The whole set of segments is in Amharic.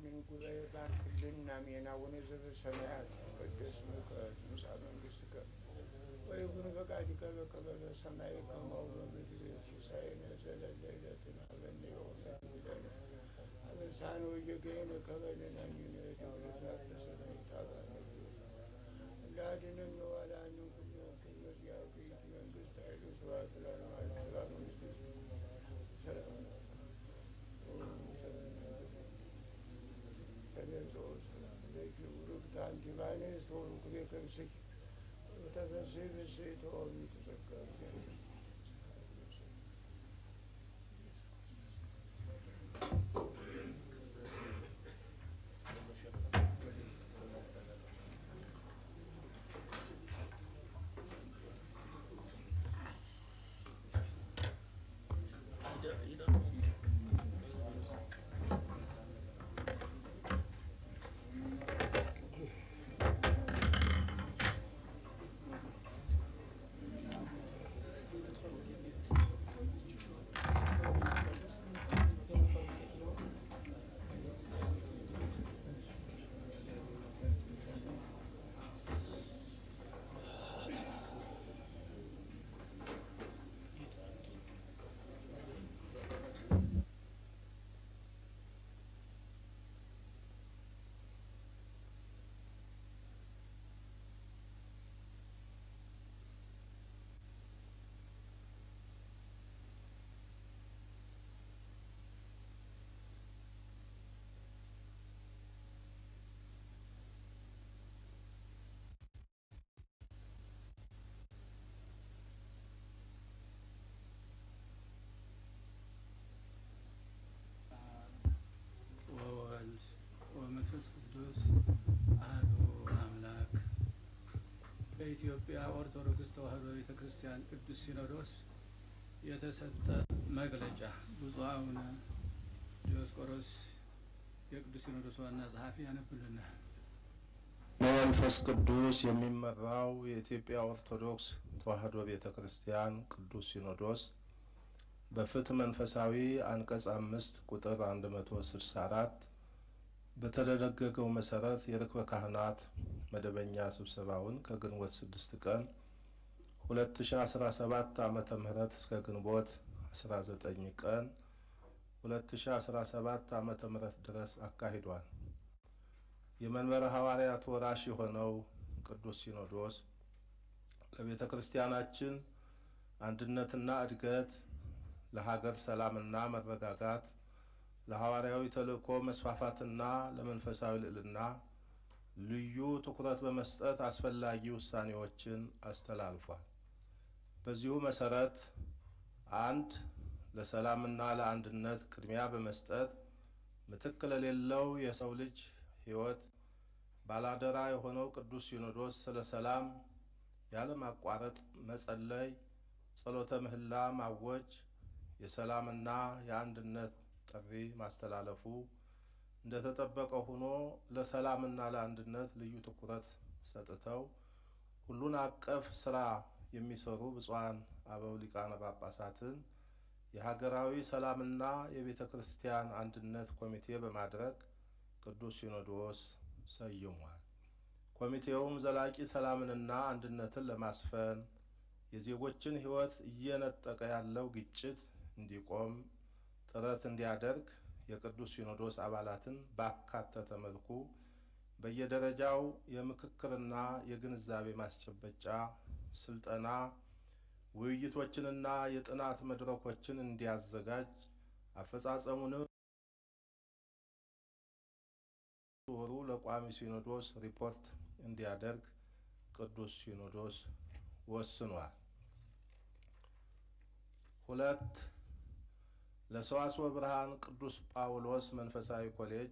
ይህንን ጉባኤ ባርክልን። አሜን። አቡነ ዘበሰማያት ይትቀደስ ስምከ ትምጻእ መንግሥትከ ወይኩን ፈቃድከ በከመ በሰማይ ከማሁ በምድር ሲሳየነ ዘለለዕለትነ ሀበነ ዮም ወኅድግ አበሳነ ወጌጋየነ ከመ ንሕነኒ ንኅድግ ለዘአልፈሰነ ኢታብአነ እለ አድኅነነ عزيز سيد أبي تذكرت በኢትዮጵያ ኦርቶዶክስ ተዋሕዶ ቤተ ክርስቲያን ቅዱስ ሲኖዶስ የተሰጠ መግለጫ። ብፁዕ አቡነ ዲዮስቆሮስ የቅዱስ ሲኖዶስ ዋና ጸሐፊ ያነብልናል። በመንፈስ ቅዱስ የሚመራው የኢትዮጵያ ኦርቶዶክስ ተዋሕዶ ቤተ ክርስቲያን ቅዱስ ሲኖዶስ በፍትህ መንፈሳዊ አንቀጽ አምስት ቁጥር አንድ መቶ ስልሳ አራት በተደነገገው መሰረት የርክበ ካህናት መደበኛ ስብሰባውን ከግንቦት 6 ቀን 2017 ዓመተ ምህረት እስከ ግንቦት 19 ቀን 2017 ዓመተ ምህረት ድረስ አካሂዷል። የመንበረ ሐዋርያት ወራሽ የሆነው ቅዱስ ሲኖዶስ ለቤተ ክርስቲያናችን አንድነትና እድገት፣ ለሀገር ሰላምና መረጋጋት ለሐዋርያዊ ተልእኮ መስፋፋትና ለመንፈሳዊ ልዕልና ልዩ ትኩረት በመስጠት አስፈላጊ ውሳኔዎችን አስተላልፏል። በዚሁ መሰረት አንድ ለሰላምና ለአንድነት ቅድሚያ በመስጠት ምትክ ለሌለው የሰው ልጅ ሕይወት ባላደራ የሆነው ቅዱስ ሲኖዶስ ስለ ሰላም ያለማቋረጥ መጸለይ፣ ጸሎተ ምህላ ማወጅ፣ የሰላምና የአንድነት ጥሪ ማስተላለፉ እንደተጠበቀ ሆኖ ለሰላምና ለአንድነት ልዩ ትኩረት ሰጥተው ሁሉን አቀፍ ስራ የሚሰሩ ብፁዓን አበው ሊቃነ ጳጳሳትን የሀገራዊ ሰላምና የቤተ ክርስቲያን አንድነት ኮሚቴ በማድረግ ቅዱስ ሲኖዶስ ሰይሟል። ኮሚቴውም ዘላቂ ሰላምንና አንድነትን ለማስፈን የዜጎችን ሕይወት እየነጠቀ ያለው ግጭት እንዲቆም ጥረት እንዲያደርግ የቅዱስ ሲኖዶስ አባላትን ባካተተ መልኩ በየደረጃው የምክክርና የግንዛቤ ማስጨበጫ ስልጠና ውይይቶችንና የጥናት መድረኮችን እንዲያዘጋጅ አፈጻጸሙንም ወሩ ለቋሚ ሲኖዶስ ሪፖርት እንዲያደርግ ቅዱስ ሲኖዶስ ወስኗል። ሁለት ለሰዋስወ ብርሃን ቅዱስ ጳውሎስ መንፈሳዊ ኮሌጅ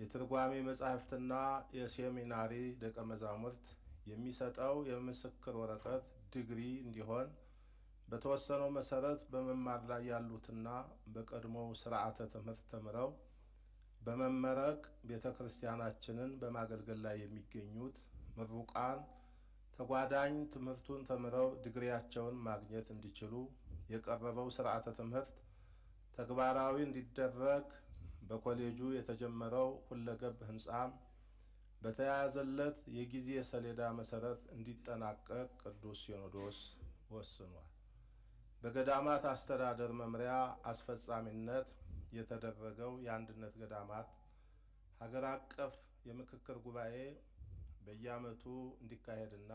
የትርጓሜ መጻሕፍትና የሴሚናሪ ደቀ መዛሙርት የሚሰጠው የምስክር ወረቀት ዲግሪ እንዲሆን በተወሰነው መሰረት በመማር ላይ ያሉትና በቀድሞው ስርዓተ ትምህርት ተምረው በመመረቅ ቤተ ክርስቲያናችንን በማገልገል ላይ የሚገኙት ምሩቃን ተጓዳኝ ትምህርቱን ተምረው ድግሪያቸውን ማግኘት እንዲችሉ የቀረበው ስርዓተ ትምህርት ተግባራዊ እንዲደረግ በኮሌጁ የተጀመረው ሁለገብ ህንፃ በተያያዘለት የጊዜ ሰሌዳ መሰረት እንዲጠናቀቅ ቅዱስ ሲኖዶስ ወስኗል። በገዳማት አስተዳደር መምሪያ አስፈጻሚነት የተደረገው የአንድነት ገዳማት ሀገር አቀፍ የምክክር ጉባኤ በየዓመቱ እንዲካሄድና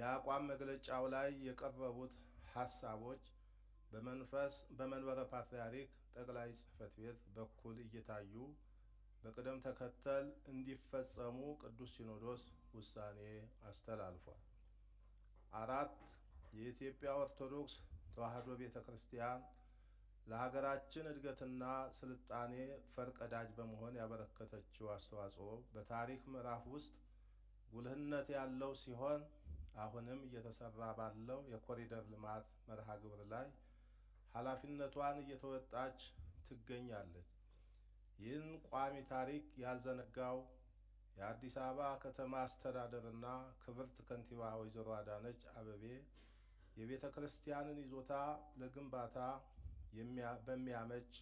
የአቋም መግለጫው ላይ የቀረቡት ሀሳቦች በመንፈስ በመንበረ ፓትርያርክ ጠቅላይ ጽፈት ቤት በኩል እየታዩ በቅደም ተከተል እንዲፈጸሙ ቅዱስ ሲኖዶስ ውሳኔ አስተላልፏል። አራት የኢትዮጵያ ኦርቶዶክስ ተዋሕዶ ቤተ ክርስቲያን ለሀገራችን እድገትና ስልጣኔ ፈርቀዳጅ በመሆን ያበረከተችው አስተዋጽኦ በታሪክ ምዕራፍ ውስጥ ጉልህነት ያለው ሲሆን አሁንም እየተሰራ ባለው የኮሪደር ልማት መርሃ ግብር ላይ ኃላፊነቷን እየተወጣች ትገኛለች። ይህን ቋሚ ታሪክ ያልዘነጋው የአዲስ አበባ ከተማ አስተዳደርና ክብርት ከንቲባ ወይዘሮ አዳነች አበቤ የቤተ ክርስቲያንን ይዞታ ለግንባታ በሚያመች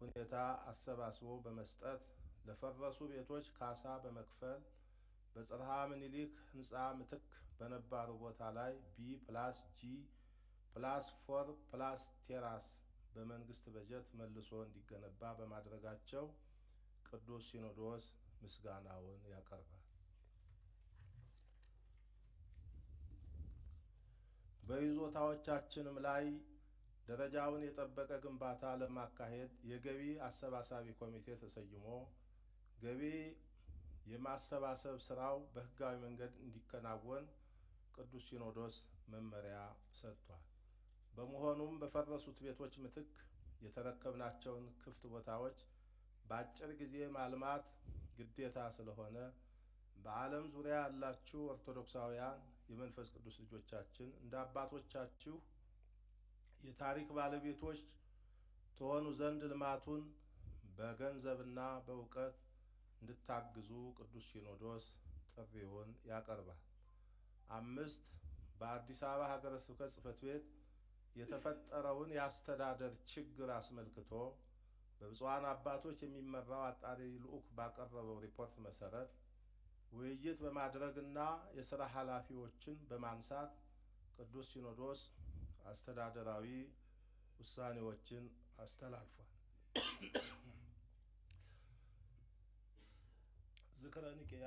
ሁኔታ አሰባስቦ በመስጠት ለፈረሱ ቤቶች ካሳ በመክፈል በጽርሐ ምኒልክ ህንፃ ምትክ በነባሩ ቦታ ላይ ቢ ፕላስ ጂ ፕላስ ፎር ፕላስ ቴራስ በመንግስት በጀት መልሶ እንዲገነባ በማድረጋቸው ቅዱስ ሲኖዶስ ምስጋናውን ያቀርባል። በይዞታዎቻችንም ላይ ደረጃውን የጠበቀ ግንባታ ለማካሄድ የገቢ አሰባሳቢ ኮሚቴ ተሰይሞ ገቢ የማሰባሰብ ስራው በህጋዊ መንገድ እንዲከናወን ቅዱስ ሲኖዶስ መመሪያ ሰጥቷል። በመሆኑም በፈረሱት ቤቶች ምትክ የተረከብናቸውን ክፍት ቦታዎች በአጭር ጊዜ ማልማት ግዴታ ስለሆነ በዓለም ዙሪያ ያላችሁ ኦርቶዶክሳውያን የመንፈስ ቅዱስ ልጆቻችን እንደ አባቶቻችሁ የታሪክ ባለቤቶች ትሆኑ ዘንድ ልማቱን በገንዘብና በእውቀት እንድታግዙ ቅዱስ ሲኖዶስ ጥሪውን ያቀርባል። አምስት በአዲስ አበባ ሀገረ ስብከት ጽሕፈት ቤት የተፈጠረውን የአስተዳደር ችግር አስመልክቶ በብፁዓን አባቶች የሚመራው አጣሪ ልዑክ ባቀረበው ሪፖርት መሰረት ውይይት በማድረግና የስራ ኃላፊዎችን በማንሳት ቅዱስ ሲኖዶስ አስተዳደራዊ ውሳኔዎችን አስተላልፏል። ዝክረ ኒቅያ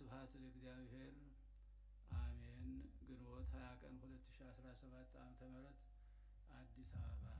ስብሀት ለእግዚአብሔር አሜን። ግንቦት ሀያ ቀን ሁለት ሺ አስራ ሰባት አመተ ምህረት አዲስ አበባ